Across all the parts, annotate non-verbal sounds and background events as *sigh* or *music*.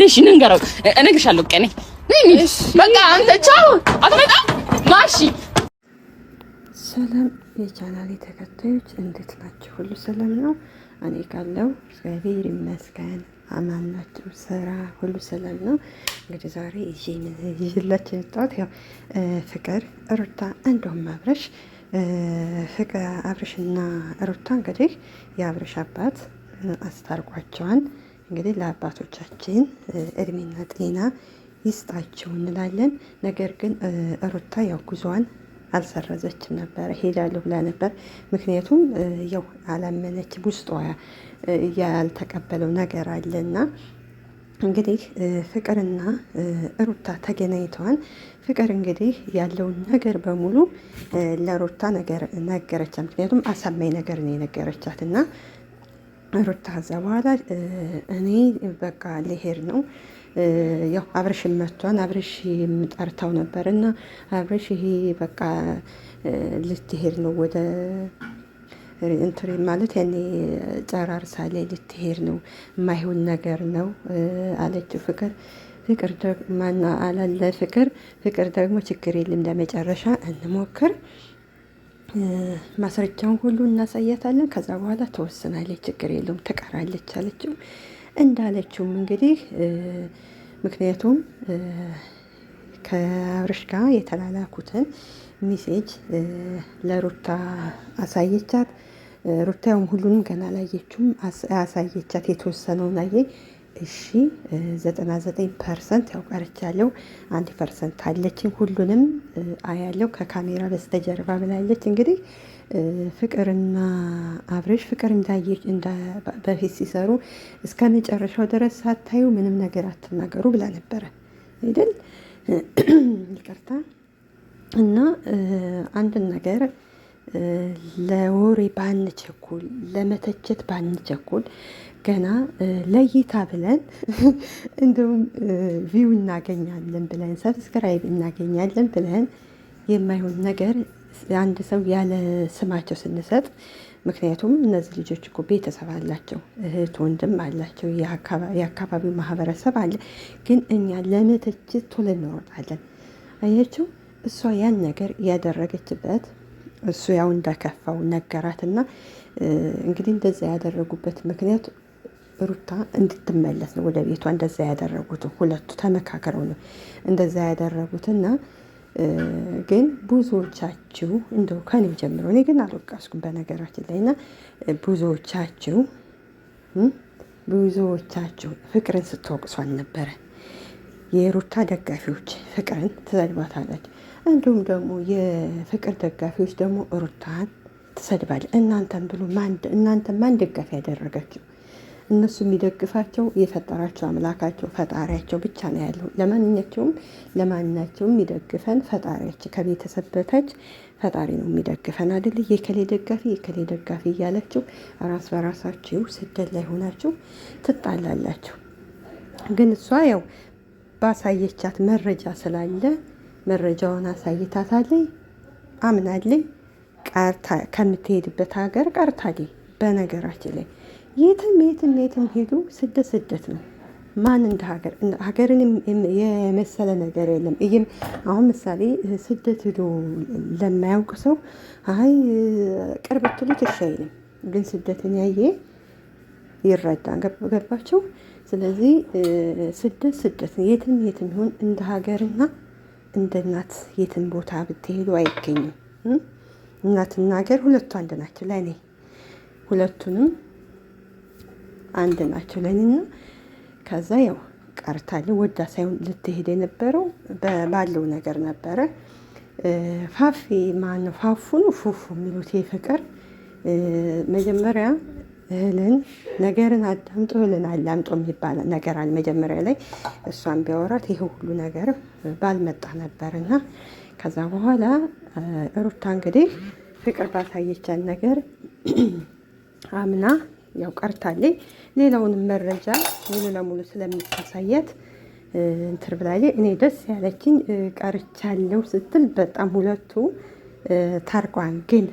ነሽ ንንገረው፣ እነግርሻለሁ። ቀኔ በቃ አንተ ቻው፣ አትመጣም። ማሺ ሰላም፣ የቻናሌ ተከታዮች እንዴት ናቸው? ሁሉ ሰላም ነው? እኔ ካለው እግዚአብሔር ይመስገን አማን ናቸው። ስራ ሁሉ ሰላም ነው። እንግዲህ ዛሬ ይዤላችሁ የመጣሁት ያው ፍቅር ሩታ እንደውም አብረሽ ፍቅር አብረሽና ሩታ እንግዲህ የአብረሽ አባት አስታርቋቸዋል። እንግዲህ ለአባቶቻችን እድሜና ጤና ይስጣቸው እንላለን። ነገር ግን ሩታ ያው ጉዟን አልሰረዘችም ነበረ፣ ሄዳለሁ ብላ ነበር። ምክንያቱም ያው አላመነች፣ ውስጧ ያልተቀበለው ነገር አለና እንግዲህ ፍቅርና ሩታ ተገናኝተዋል። ፍቅር እንግዲህ ያለውን ነገር በሙሉ ለሩታ ነገረቻት። ምክንያቱም አሳማኝ ነገር ነው የነገረቻት እና ሩታ እዛ በኋላ እኔ በቃ ልሄድ ነው። ያው አብረሽ መቷን አብረሽ የምጠርተው ነበር እና አብረሽ ይሄ በቃ ልትሄድ ነው ወደ እንትሪ ማለት ያኔ ጨራርሳ ላይ ልትሄድ ነው የማይሆን ነገር ነው አለችው ፍቅር ፍቅር ደግሞ ማና አላለ ፍቅር ፍቅር ደግሞ ችግር የለም ለመጨረሻ እንሞክር ማስረጃውን ሁሉ እናሳያታለን። ከዛ በኋላ ተወስናለች፣ ችግር የለውም ትቀራለች አለችው። እንዳለችውም እንግዲህ ምክንያቱም ከአብርሽ ጋር የተላላኩትን ሚሴጅ ለሩታ አሳየቻት። ሩታ ያውም ሁሉንም ገና አላየችውም፣ አሳየቻት። የተወሰነውን አየ እሺ 99 ፐርሰንት ያው ቀርቻለሁ። አንድ ፐርሰንት አለችኝ። ሁሉንም አያለው ከካሜራ በስተጀርባ ብላለች። እንግዲህ ፍቅርና አብረሽ ፍቅር እንዳየ በፊት ሲሰሩ እስከ መጨረሻው ድረስ ሳታዩ ምንም ነገር አትናገሩ ብላ ነበረ አይደል? *clears throat* ይቅርታ እና አንድን ነገር ለወሬ ባንቸኩል፣ ለመተቸት ባንቸኩል ገና ለይታ ብለን *laughs* እንደውም ቪው እናገኛለን ብለን ሰብስክራይብ እናገኛለን ብለን የማይሆን ነገር አንድ ሰው ያለ ስማቸው ስንሰጥ፣ ምክንያቱም እነዚህ ልጆች እኮ ቤተሰብ አላቸው፣ እህት ወንድም አላቸው፣ የአካባቢው ማህበረሰብ አለ። ግን እኛ ለመተችት ቶሎ እንወጣለን። አያቸው እሷ ያን ነገር ያደረገችበት እሱ ያው እንደከፋው ነገራትና እንግዲህ እንደዛ ያደረጉበት ምክንያት ሩታ እንድትመለስ ነው ወደ ቤቷ እንደዛ ያደረጉት ሁለቱ ተመካከረው ነው እንደዛ ያደረጉት ያደረጉትና ግን ብዙዎቻችሁ እንደው ከኔ ጀምሮ እኔ ግን አልወቃስኩም በነገራችን ላይ እና ብዙዎቻችሁ ብዙዎቻችሁ ፍቅርን ስትወቅሱ አልነበረ የሩታ ደጋፊዎች ፍቅርን ትሰድባታለች፣ እንዲሁም ደግሞ የፍቅር ደጋፊዎች ደግሞ ሩታን ትሰድባለች። እናንተን ብሎ እናንተ ማን ደጋፊ ያደረገችው? እነሱ የሚደግፋቸው የፈጠራቸው አምላካቸው ፈጣሪያቸው ብቻ ነው ያለው። ለማንኛቸውም ለማናቸውም የሚደግፈን ፈጣሪያቸው ከቤተሰብ በታች ፈጣሪ ነው የሚደግፈን አይደል? የከሌ ደጋፊ የከሌ ደጋፊ እያላችሁ ራስ በራሳችሁ ስደት ላይ ሆናችሁ ትጣላላችሁ። ግን እሷ ያው ባሳየቻት መረጃ ስላለ መረጃውን አሳይታታለኝ፣ አምናለኝ፣ ቀርታ ከምትሄድበት ሀገር ቀርታለኝ በነገራችን ላይ የትም የትም የትም ሄዱ። ስደት ስደት ነው። ማን እንደ ሀገር ሀገርን የመሰለ ነገር የለም። ይህም አሁን ምሳሌ ስደት ሄዶ ለማያውቅ ሰው አይ ቅርብ ትሉት እሺ ግን ስደትን ያየ ይረዳ። ገባቸው። ስለዚህ ስደት ስደት ነው። የትም የትም ይሁን እንደ ሀገርና እንደ እናት የትም ቦታ ብትሄዱ አይገኝም። እናትና ሀገር ሁለቱ አንድ ናቸው ለእኔ ሁለቱንም አንድ ናቸው ለኔና ከዛ ያው ቀርታል ወዳ ሳይሆን ልትሄድ የነበረው ባለው ነገር ነበረ። ፋፊ ማን ፋፉኑ ፉፉ የሚሉት ፍቅር መጀመሪያ እህልን ነገርን አዳምጦ እህልን አላምጦ የሚባል ነገር አለ። መጀመሪያ ላይ እሷን ቢያወራት ይሄ ሁሉ ነገር ባልመጣ ነበር እና ከዛ በኋላ ሩታ እንግዲህ ፍቅር ባሳየቻን ነገር አምና ያው ቀርታለኝ ሌላውንም መረጃ ሙሉ ለሙሉ ስለምታሳያት እንትር ብላለች። እኔ ደስ ያለችኝ ቀርቻለሁ ስትል በጣም ሁለቱ ታርቋን ግን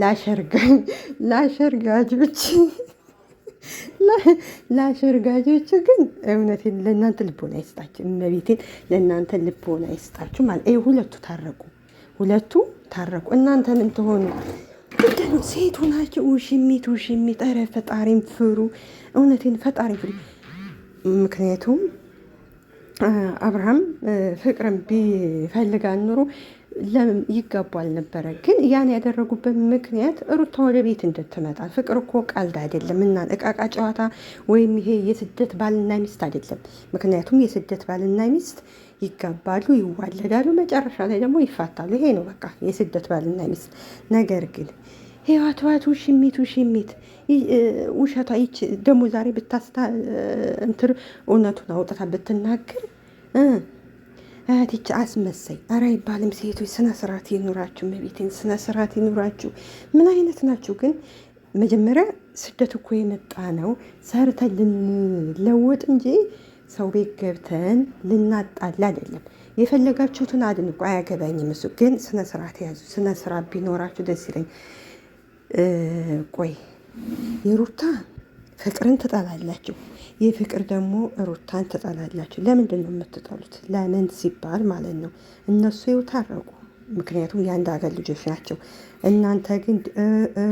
ላሸርጋኝ *laughs* ላሸርጋጆች ለአሸርጋጆቹ *laughs* ግን እውነቴን ለእናንተ ልቦና አይስጣችሁ፣ እመቤቴን ለእናንተ ልቦና አይስጣችሁ። ማለት ይህ ሁለቱ ታረቁ፣ ሁለቱ ታረቁ። እናንተ ምን ትሆኑ? ምንድን ነው ሴቱ ናቸው። ውሽሚት ውሽሚት፣ ኧረ ፈጣሪም ፍሩ። እውነቴን ፈጣሪ ፍሩ። ምክንያቱም አብርሃም ፍቅርን ቢፈልጋን ኑሮ ለምን ይገባል ነበረ። ግን ያን ያደረጉበት ምክንያት ሩታ ወደ ቤት እንድትመጣ። ፍቅር እኮ ቀልድ አይደለም እና እቃቃ ጨዋታ ወይም ይሄ የስደት ባልና ሚስት አይደለም። ምክንያቱም የስደት ባልና ሚስት ይጋባሉ፣ ይዋለዳሉ፣ መጨረሻ ላይ ደግሞ ይፋታሉ። ይሄ ነው በቃ የስደት ባልና ሚስት። ነገር ግን ህይወት ህይወት ውሽሚት ውሽሚት ውሸቷ ይች ደግሞ ዛሬ ብታስታ እንትር እውነቱን አውጥታ ብትናገር እህትች አስመሳይ ኧረ አይባልም። ሴቶች ስነ ስርዓት ይኑራችሁ፣ መቤቴን ስነ ስርዓት ይኑራችሁ። ምን አይነት ናችሁ ግን? መጀመሪያ ስደት እኮ የመጣ ነው ሰርተን ልንለወጥ እንጂ ሰው ቤት ገብተን ልናጣላ አይደለም። የፈለጋችሁትን አድንቁ፣ አያገባኝም እሱ ግን ስነስርዓት ያዙ። ስነስራ ቢኖራችሁ ደስ ይለኝ። ቆይ የሩታ ፍቅርን ትጠላላችሁ፣ ይህ ፍቅር ደግሞ ሩታን ትጠላላችሁ። ለምንድን ነው የምትጠሉት? ለምን ሲባል ማለት ነው እነሱ ይኸው ታረቁ። ምክንያቱም የአንድ ሀገር ልጆች ናቸው። እናንተ ግን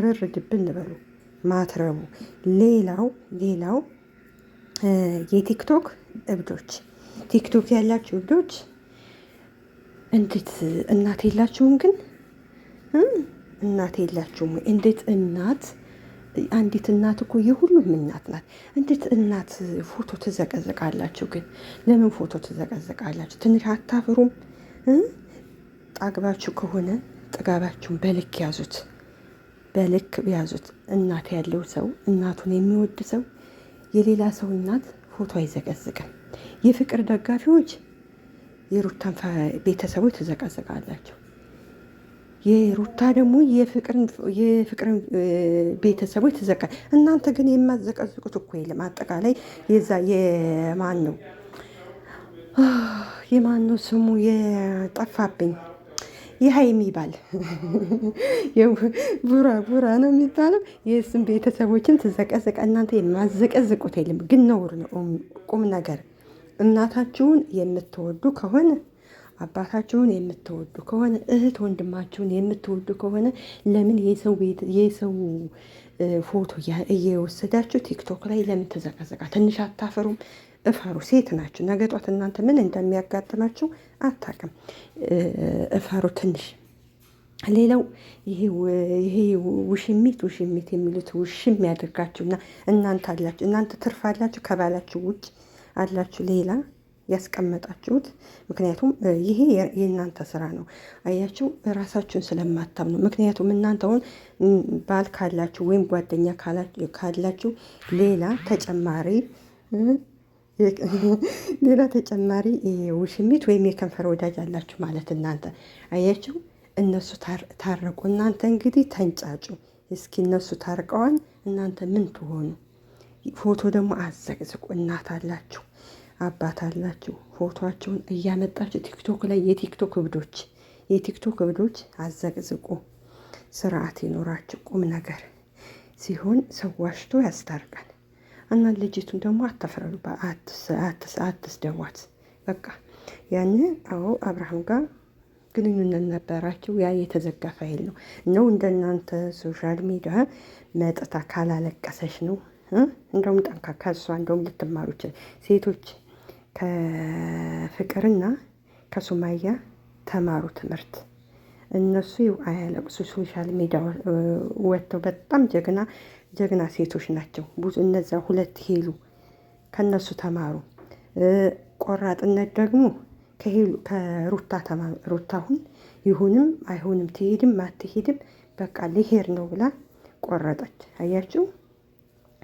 ርር ድብን በሉ ማትረቡ። ሌላው ሌላው የቲክቶክ እብዶች፣ ቲክቶክ ያላችሁ እብዶች እንዴት እናት የላችሁም? ግን እናት የላችሁም እንዴት እናት አንዲት እናት እኮ የሁሉም እናት ናት። እንዴት እናት ፎቶ ትዘቀዝቃላችሁ? ግን ለምን ፎቶ ትዘቀዝቃላችሁ? ትንሽ አታፍሩም? ጣግባችሁ ከሆነ ጥጋባችሁን በልክ ያዙት፣ በልክ ያዙት። እናት ያለው ሰው እናቱን የሚወድ ሰው የሌላ ሰው እናት ፎቶ አይዘቀዝቅም። የፍቅር ደጋፊዎች የሩታን ቤተሰቦች ትዘቀዝቃላቸው። የሩታ ደግሞ የፍቅርን ቤተሰቦች ትዘቃ። እናንተ ግን የማዘቀዝቁት እኮ የለም። አጠቃላይ የዛ የማን ነው የማን ነው ስሙ የጠፋብኝ የሀይሚ ባል ቡራ ቡራ ነው የሚባለው። የእሱም ቤተሰቦችን ትዘቀዘቀ። እናንተ የማዘቀዝቁት የለም ግን ነውር ነው፣ ቁም ነገር። እናታችሁን የምትወዱ ከሆነ አባታችሁን የምትወዱ ከሆነ እህት ወንድማችሁን የምትወዱ ከሆነ ለምን የሰው ፎቶ እየወሰዳችሁ ቲክቶክ ላይ ለምን ተዘቀዘቃ? ትንሽ አታፈሩም? እፈሩ። ሴት ናችሁ። ነገ ጧት እናንተ ምን እንደሚያጋጥማችሁ አታውቅም። እፈሩ ትንሽ። ሌላው ይሄ ውሽሚት ውሽሚት የሚሉት ውሽም ያደርጋችሁና እናንተ አላችሁ እናንተ ትርፍ አላችሁ ከባላችሁ ውጭ አላችሁ ሌላ ያስቀመጣችሁት ምክንያቱም ይሄ የእናንተ ስራ ነው። አያችሁ ራሳችሁን ስለማታም ነው። ምክንያቱም እናንተውን ባል ካላችሁ ወይም ጓደኛ ካላችሁ ሌላ ተጨማሪ *laughs* ሌላ ተጨማሪ ውሽሚት ወይም የከንፈር ወዳጅ አላችሁ ማለት እናንተ አያችሁ። እነሱ ታረቁ፣ እናንተ እንግዲህ ተንጫጩ። እስኪ እነሱ ታርቀዋል፣ እናንተ ምን ትሆኑ? ፎቶ ደግሞ አዘቅዝቁ። እናት አላችሁ፣ አባት አላችሁ፣ ፎቶቸውን እያመጣችሁ ቲክቶክ ላይ የቲክቶክ እብዶች የቲክቶክ እብዶች አዘቅዝቁ። ስርዓት ይኖራችሁ ቁም ነገር ሲሆን ሰዋሽቶ ያስታርቃል። እና ልጅቱን ደግሞ አታፍረሉባት፣ አትስደቧት። በቃ ያን አዎ አብርሃም ጋር ግንኙነት ነበራቸው። ያ የተዘጋ ፋይል ነው ነው እንደናንተ ሶሻል ሚዲያ መጥታ ካላለቀሰች ነው። እንደውም ጠንካካ እሷ እንደውም ልትማሩ ሴቶች ከፍቅርና ከሱማያ ተማሩ ትምህርት። እነሱ አያለቅሱ ሶሻል ሚዲያ ወጥተው በጣም ጀግና ጀግና ሴቶች ናቸው። ብዙ እነዛ ሁለት ሄሉ ከነሱ ተማሩ። ቆራጥነት ደግሞ ከሄሉ ከሩታ ተማሩ። ሩታ አሁን ይሁንም አይሁንም ትሄድም አትሄድም በቃ ልሄድ ነው ብላ ቆረጠች። አያችሁ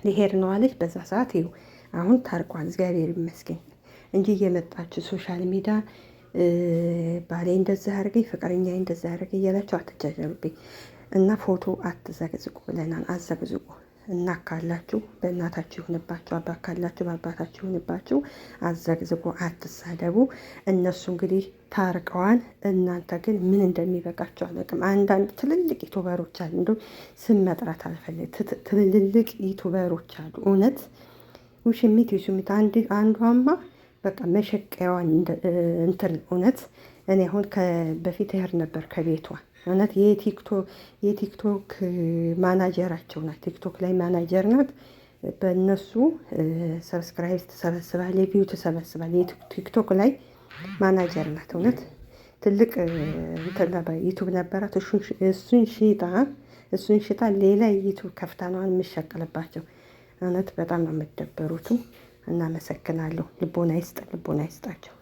ልሄድ ነው አለች። በዛ ሰዓት ይኸው አሁን ታርቋል። እግዚአብሔር ይመስገን እንጂ እየመጣችሁ ሶሻል ሚዲያ ባሌ እንደዛ አድርገኝ፣ ፍቅረኛ እንደዛ አድርገኝ እያላችሁ አትጃጃሉብኝ። እና ፎቶ አትዘግዝቁ ብለናል። አዘግዝቁ እና ካላችሁ በእናታችሁ ይሁንባችሁ፣ አባ ካላችሁ በአባታችሁ ይሁንባችሁ። አዘግዝቁ፣ አትሳደቡ። እነሱ እንግዲህ ታርቀዋል። እናንተ ግን ምን እንደሚበቃቸው አላውቅም። አንዳንድ ትልልቅ ዩቱበሮች አሉ፣ እንዲሁም ስም መጥራት አልፈለግም። ትልልቅ ዩቱበሮች አሉ እውነት ውሽሚት ውሽሚት አንዷማ በቃ መሸቀያዋን እንትን እውነት እኔ አሁን በፊት እሄድ ነበር ከቤቷ እውነት የቲክቶክ ማናጀራቸው ናት። ቲክቶክ ላይ ማናጀር ናት። በእነሱ ሰብስክራይብ ትሰበስባል፣ የቪው ትሰበስባል። ቲክቶክ ላይ ማናጀር ናት። እውነት ትልቅ ዩቱብ ነበራት። እሱን ሽጣ እሱን ሽጣ ሌላ ዩቱብ ከፍታ ነው የምሸቅልባቸው። እውነት በጣም ነው የምደበሩትም። እናመሰግናለሁ። ልቦና ይስጥ፣ ልቦና ይስጣቸው።